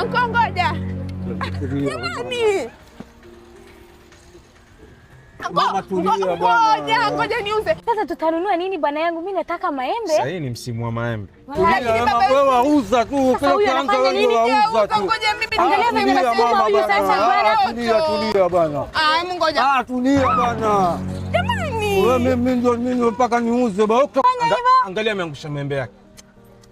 Anko ngoja. Jamani. Ngoja ngoja niuze. Sasa tutanunua nini bwana yangu? Mimi nataka maembe. Sasa hii ah, ah, ah, ni msimu wa maembe. Wewe wauza tu, wauza tu. tulia bwana. tulia bwana. Jamani. mimi ndio mimi mpaka niuze Angalia ameangusha maembe yake.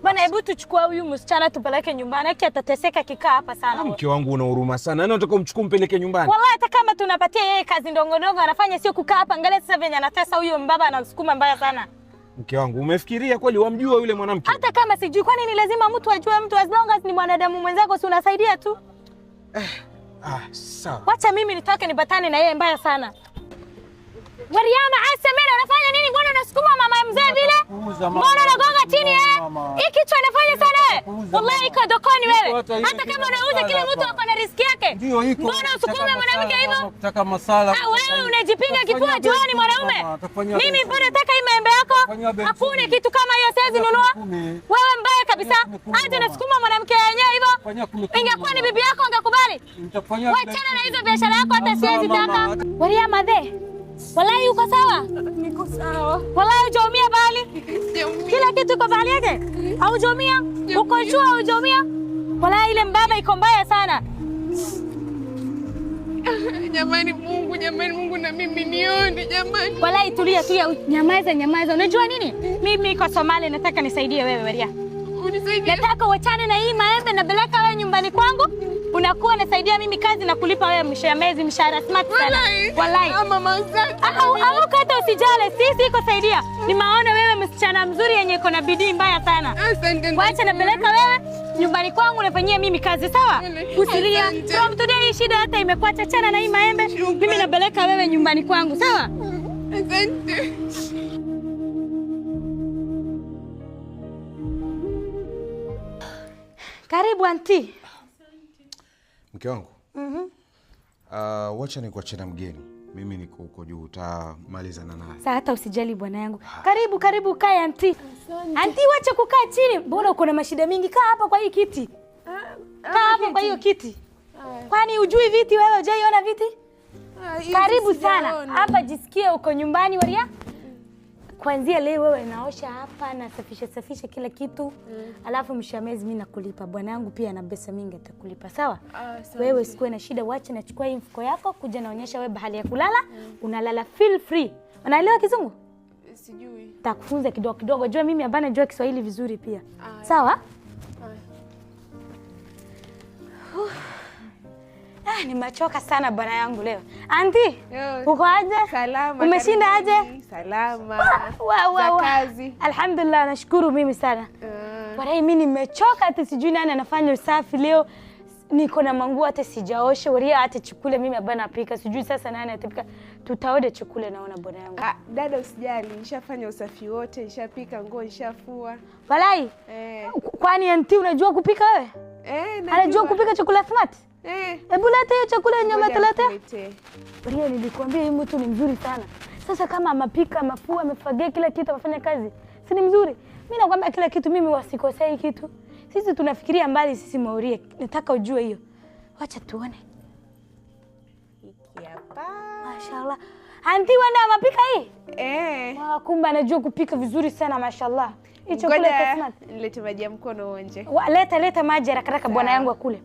Bwana, hebu tuchukua huyu msichana tupeleke nyumbani, aki atateseka kikaa hapa sana. Mke wangu una huruma sana, yaani unataka umchukue mpeleke nyumbani? Wallahi hata kama tunapatia yeye kazi ndogo ndogo anafanya, sio kukaa hapa. Angalia sasa venye anatesa huyo mbaba, anasukuma mbaya sana. Mke wangu, umefikiria kweli wamjua yule mwanamke? Hata kama sijui, kwani ni lazima mtu ajue mtu? As long as ni mwanadamu mwenzako, si unasaidia tu eh. Ah, sawa, wacha mimi nitoke nibatane na yeye mbaya sana. Mariama, asemeni unafanya unasukuma mama mzee vile? Mbona unagonga chini eh? Hii kichwa inafanya sana wewe. Eh? Wallahi iko dokoni wewe. Hata kama unauza kila mtu ako na riski yake. Mbona usukume mwanamke hivyo? Ah, wewe unajipinga kifua jioni mwanaume. Mimi mbona nataka hii maembe hakuna kitu kama hiyo, siwezi nunua. Wewe mbaya kabisa, hata nasukuma mwanamke yenyewe hivyo. Ingekuwa ni bibi yako angekubali. Wachana na hizo biashara yako, hata siwezi taka. Walia madhe, walai uko sawa? Niko sawa. Walai hujaumia bali, kila kitu kwa bali yake, haujaumia uko jua, haujaumia. Walai ile mbaba iko mbaya sana jamani, Mungu jamani, Mungu na mimi nione jamani. Walai, tulia tulia, nyamaza nyamaza. Unajua nini, mimi kwa Somalia nataka nisaidie wewe Maria, unisaidie. Nataka uachane na hii maembe na beleka wewe nyumbani kwangu, unakuwa nasaidia mimi kazi na kulipa wewe mwisho ya mwezi mshahara. Smart sana walai, au kata usijale, sisi iko saidia. Nimeona wewe msichana mzuri yenye iko na bidii mbaya sana, wacha napeleka wewe nyumbani kwangu nafanyia mimi kazi sawa, usilia from today. Shida hata imekuwa chachana na hii maembe, mimi napeleka wewe nyumbani kwangu sawa. Asante. Karibu anti. Mke wangu, mm Uh, wacha ni na mgeni mimi niko huko juu, utamalizana naye. Sasa hata usijali bwana yangu. Ah. Karibu karibu, kae anti. Anti, wacha kukaa chini, mbona uko na mashida mingi? Kaa hapa kwa hii kiti, ah, kaa hapa kwa hiyo kiti. Kwani ujui viti wewe? Hujaiona viti? Ah, karibu sana hapa, jisikie uko nyumbani, Waria kwanzia leo wewe naosha hapa na safisha safisha kila kitu mm. Alafu mshamezi mimi nakulipa, yangu pia ana pesa mingi atakulipa sawa. Uh, wewe sikuwe na shida, wacha nachukua hii mfuko yako kuja naonyesha wewe bahali ya kulala mm. Unalala feel free, unaelewa Kizungu? Eh, sijui, takufunza kidogo kidogo, jua mimi ambaye najua Kiswahili vizuri pia uh, sawa Ah, nimechoka sana bwana yangu leo. Anti, uko aje? Salama. Umeshinda aje? Salama. Ah, wa, wa, wa. Kazi. Alhamdulillah, nashukuru mimi sana. Uh. Ah. Warai mimi nimechoka hata sijui nani anafanya usafi leo. Niko na manguo hata sijaosha, waria hata chukule mimi abana apika. Sijui sasa nani atapika. Tutaoda chukule naona bwana yangu. Ah, dada usijali, nishafanya usafi wote, nishapika nguo, nishafua. Walai. Eh. Kwani anti unajua kupika wewe? Eh, najua. Anajua kupika chakula smart? Eh, hebu lete hiyo chakula yenye umetulete. Ria, nilikwambia hii mtu ni mzuri sana. Sasa kama amapika, amafua, amefagia kila kitu, amefanya kazi, si ni mzuri? Mimi nakwambia kila kitu, mimi wasikosei kitu. Sisi tunafikiria mbali, sisi Mauria. Nataka ujue hiyo, wacha tuone. Mashallah. Anti wana amapika hii? Eh. Mama ah, kumbe anajua kupika vizuri sana mashallah. Hicho kule tasnat. Leta maji ya mkono uonje. Leta leta maji haraka haraka bwana yangu akule.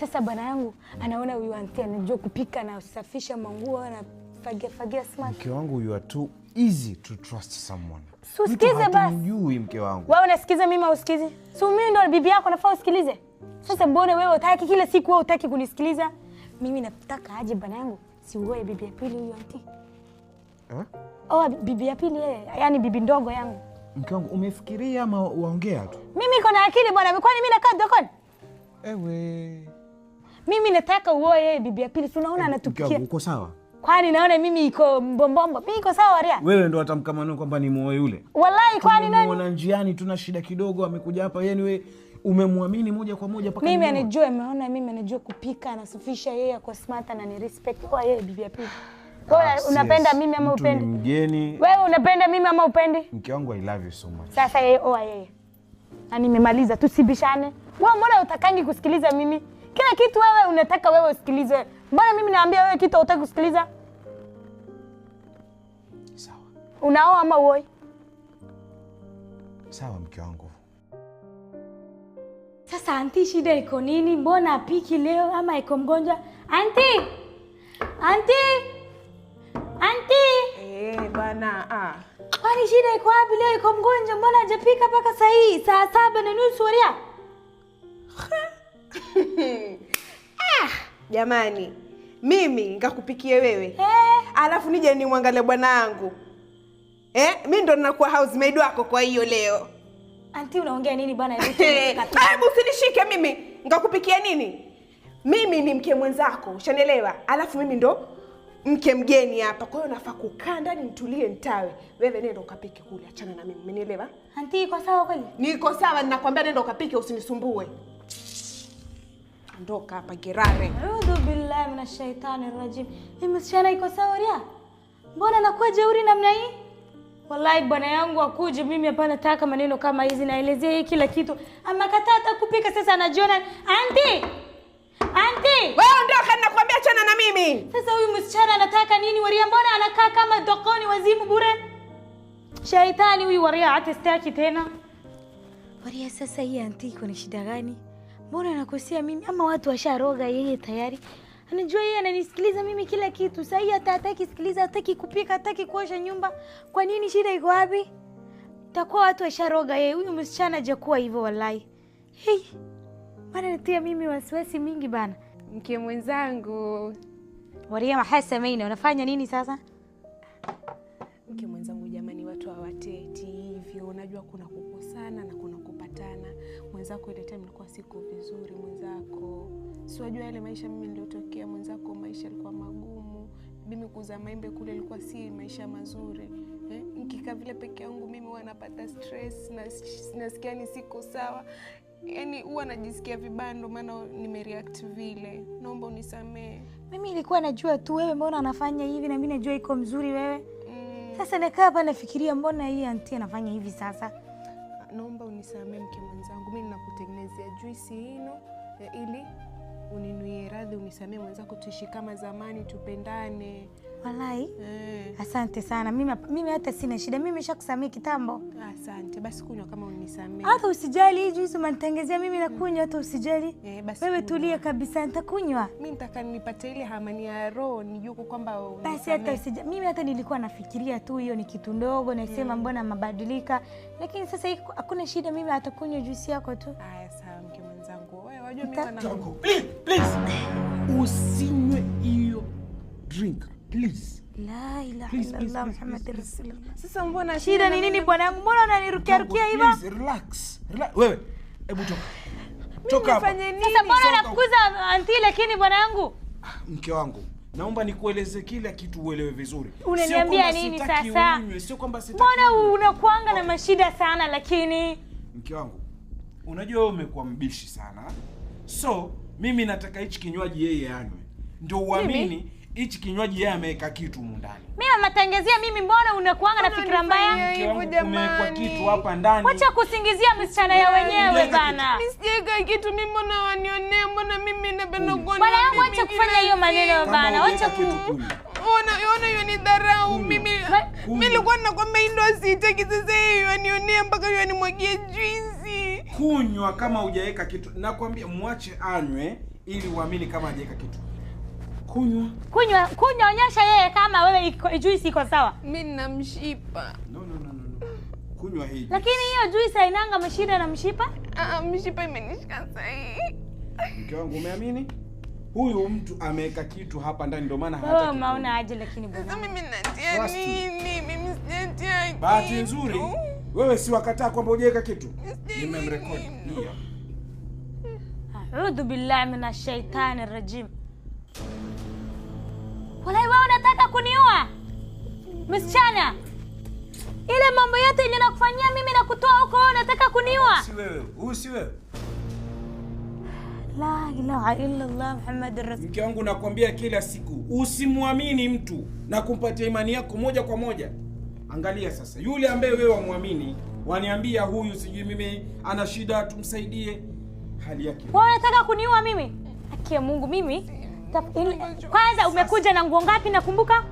Sasa bwana yangu anaona huyu anti anajua kupika na kusafisha manguo na fagia fagia smart. Mke wangu you are too easy to trust someone. Usikize basi. Mjui mke wangu. Wewe unasikiza mimi au usikizi? So mimi ndo bibi yako nafaa usikilize. Sasa mbona wewe utaki kila siku wewe utaki kunisikiliza? Mimi nataka aje bwana yangu si uoe bibi ya pili huyu anti. Eh? Oh, bibi ya pili yeye, yani bibi ndogo yangu. Mke wangu umefikiria ama waongea tu? Mimi niko na akili bwana, kwani mimi nakaa dokoni? Ewe. Mimi nataka uoe yeye bibi ya pili. Tunaona eh, anatupikia. Uko sawa? Kwani naona mimi iko mbombombo. Mimi iko sawa ria. Wewe ndo atamkamano kwamba ni muoe yule. Wallahi kwani nani? Muona njiani tuna shida kidogo amekuja hapa yeye yaani anyway, umemwamini moja kwa moja paka mimi anijue ameona mimi anijue kupika anasufisha yeye kwa smart na ni respect kwa yeye bibi ya pili. Wewe ah, unapenda yes. mimi ama upendi? Mgeni. Wewe unapenda mimi ama upendi? Mke wangu I love you so much. Sasa yeye oa yeye. Na nimemaliza tusibishane. Wewe mbona utakangi kusikiliza mimi? Kila kitu wewe unataka wewe usikilize. Mbona mimi naambia wewe kitu hutaki kusikiliza? Sawa. Unaoa ama uoi? Sawa, mke wangu. Sasa anti, shida iko nini? Mbona apiki leo ama iko mgonjwa? Anti! Anti! Anti! Eh, bana ah. Kwani shida iko wapi leo iko mgonjwa? Mbona hajapika mpaka saa hii? Saa saba na nusu waria. ah, jamani, mimi nikakupikie wewe eh? Alafu nije nimwangalie wangu eh? Mi ndo nakuwa housemaid wako, kwa hiyo leo Anti, unaongea nini bwana? Hebu usinishike mimi, nikakupikia nini? Mimi ni mke mwenzako, ushanielewa? Alafu mimi ndo mke mgeni hapa, kwa hiyo nafaa kukaa ndani nitulie, ntawe. Wewe nenda ukapike kule, achana na mimi, umenielewa? Anti, iko sawa kweli? Niko sawa, ninakwambia nenda ukapike, usinisumbue. Ondoka hapa Gerare. Audhu billahi minash shaitani rajim. Mimi msichana iko sawa ria? Mbona nakuwa jeuri namna hii? Wallahi bwana yangu akuje mimi hapa nataka maneno kama hizi naelezea hii kila kitu. Amekataa hata kupika sasa anajiona anti. Anti! Wewe ondoka nakwambia chana na mimi. Sasa huyu msichana anataka nini Waria? Mbona anakaa kama dokoni wazimu bure? Shaitani huyu Waria hatastaki tena. Waria sasa hii anti iko na shida gani? mbona anakosea mimi ama watu washaroga yeye tayari anajua yeye ananisikiliza mimi kila kitu sahii hata hataki sikiliza hataki kupika hataki kuosha nyumba kwa nini shida iko wapi takuwa watu washaroga yeye huyu msichana jakuwa hivyo wallahi hey. bana natia mimi wasiwasi mingi bana mke mwenzangu Mariam hasemaina unafanya nini sasa mke mwenzangu jamani watu hawateti hivyo unajua kuna kukosana na kuna kukusana tumekutana, mwenzako ile mlikuwa siku vizuri, mwenzako siwajua yale maisha mimi niliyotokea, mwenzako maisha yalikuwa magumu, mimi kuuza maembe kule ilikuwa si maisha mazuri eh? vile peke yangu mimi huwa napata stress na nasikia ni siko sawa, yani huwa najisikia vibaya, ndo maana nimereact vile. Naomba unisamehe. Mimi ilikuwa najua tu wewe, mbona anafanya hivi, na mimi najua iko mzuri wewe. Mm. Sasa nakaa hapa nafikiria, mbona hii anti anafanya hivi sasa naomba unisamee mke mwenzangu, mi nakutengenezea juisi hino ili uninuie radhi, unisamee mwenzako, tuishi kama zamani, tupendane. Walai. Eh. Asante sana. Mimi mimi hata sina shida. Mimi nimeshakusamea kitambo. Asante. Basi kunywa kama unisamee. Hata usijali hii juice umenitengezea mimi na kunywa hata usijali. E, wewe tulia kabisa nitakunywa. Mimi nitaka nipate ile hamani ya roho nijue kwamba Basi hata usijali. Mimi hata nilikuwa nafikiria tu hiyo ni kitu ndogo na nasema e. Mm. Mbona mabadilika? Lakini sasa hakuna shida mimi hata kunywa juice yako tu. Haya sawa mke mwenzangu. Wewe wajua mimi na Please, please. Usinywe hiyo drink shida ni nini bwana yangu? Mbona hebu anti lakini bwana yangu? Ah, mke wangu. Naomba nikueleze kila kitu uelewe vizuri. Unaniambia nini sasa? Mbona unakuanga na mashida sana lakini? Mke wangu. Unajua wewe umekuwa mbishi sana. So mimi nataka hichi kinywaji yeye anywe. Ndio uamini hichi kinywaji yeye ameweka kitu humu ndani. Mimi namatangezia mimi, mbona unakuanga na fikra mbaya? Umeweka kitu hapa ndani. Wacha kusingizia msichana ya wenyewe bana. Mimi sijaweka kitu mimi, mbona wanionea? Mbona mimi napenda kuona. Bwana yangu acha kufanya hiyo maneno bana. Wacha ku Ona, ona hiyo ni dharau mimi. Mimi nilikuwa ninakwambia hii ndo sitaki sasa hiyo anionea mpaka hiyo animwagie juice. Kunywa kama hujaweka kitu. Nakwambia mwache anywe ili uamini kama hajaweka kitu kunywa kunywa kunywa, onyesha yeye kama wewe juisi iko sawa. Mimi nina mshipa. No, no, no, no. Kunywa hii. Lakini hiyo juisi hainanga mshida na mshipa? Ah, ah, mshipa imenishika sahi. Mke wangu umeamini? Huyu mtu ameweka kitu hapa ndani ndio maana hata. Wewe unaona aje lakini bwana. mimi ninatia nini? Mimi sijatia. Bahati nzuri wewe si wakataa kwamba hujaweka kitu. Nimemrekodi. Ndio. A'udhu billahi minash shaitani rajim. Walai, wewe unataka kuniua msichana? Ile mambo yote nakufanyia mimi na kutoa huko, wewe unataka kuniua? Si wewe, huyu si wewe. La ilaha illa Allah Muhammad Rasul. Mke wangu nakwambia kila siku, usimwamini mtu na kumpatia imani yako moja kwa moja. Angalia sasa, yule ambaye wewe wamwamini, waniambia huyu sijui mimi ana shida, tumsaidie hali yake. Wewe unataka kuniua mimi? Akia Mungu mimi kwanza umekuja na nguo ngapi? Nakumbuka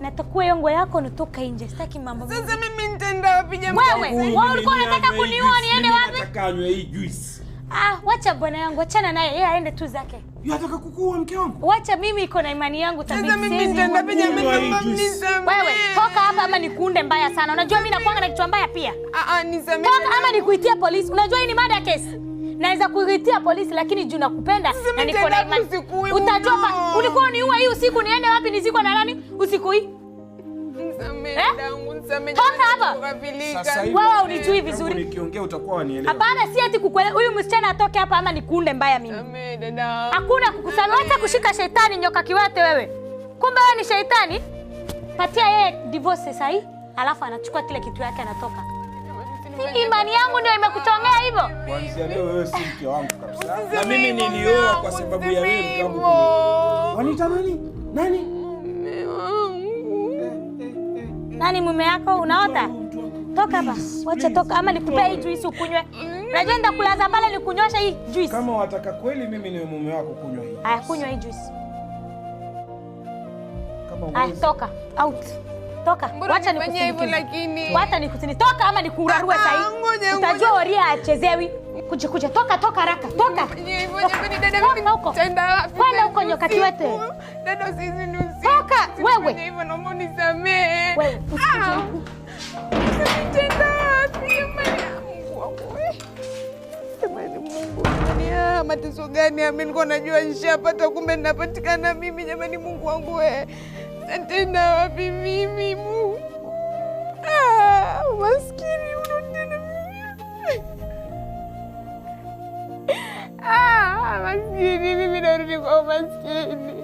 natakuwa hiyo nguo yako nitoka nje, sitaki mambo. Sasa mimi nitaenda wapi jamani? Wewe wewe ulikuwa unataka kuniua niende wapi? Nataka anywe hii juice. Ah, wacha bwana yangu, achana naye, yeye aende tu zake. Yeye anataka kukuua mke wangu. Wacha mimi iko na imani yangu tabia. Sasa mimi nitaenda wapi jamani? Wewe toka hapa ama nikuunde mbaya sana. Unajua mimi nakuanga na kitu mbaya pia. Ah ah, nisamee. Toka ama nikuitia polisi. Unajua hii ni mada ya kesi naweza kuiritia polisi, lakini juu nakupenda na niko na imani utajua. Ulikuwa uniua hii usiku, niende wapi? Nizikwa na nani usiku hii? wewe, eh? eh, unijui vizuri. Hapana, si kukuelewa. Huyu msichana atoke hapa ama mbaya mimi. Hakuna kukusana hata kushika shetani nyoka kiwete wewe. Kumbe wewe ni shetani. Patia yeye divorce alafu anachukua kile kitu yake anatoka. Imani yangu ndio imekutongea hivyo. Kuanzia leo wewe si mke wangu kabisa. Na mimi nilioa kwa sababu ya wewe mke wangu. Wanita Nani? Nani Nani mume yako unaota? Toka hapa. Wacha toka ama nikupe hii juice ukunywe. Najua nenda kulaza pale nikunyosha hii juice. Kama wataka kweli mimi ni mume wako kunywa hii. Haya kunywa hii juice. Kama wewe. Toka out. Toka. Wacha nikufanye hivyo lakini. Wacha nikutini. Toka ama nikurarue sahi. Utajua waria achezewi. Kuja kuja toka toka haraka. Toka. Tenda wapi? Pale huko nyakati wete. Dada sisi ni usiku. Toka wewe. Hivyo naomba unisamee. Wewe usiku. Ah. Tenda wapi Jamani, Mungu jamani, ah, mateso gani? Amini, nilikuwa najua nishapata, kumbe ninapatikana mimi. Jamani, Mungu wangu wewe. Tena wapi mimi Mungu? Ah, maskini unatenda mimi. Ah, maskini mimi narudi kwa maskini.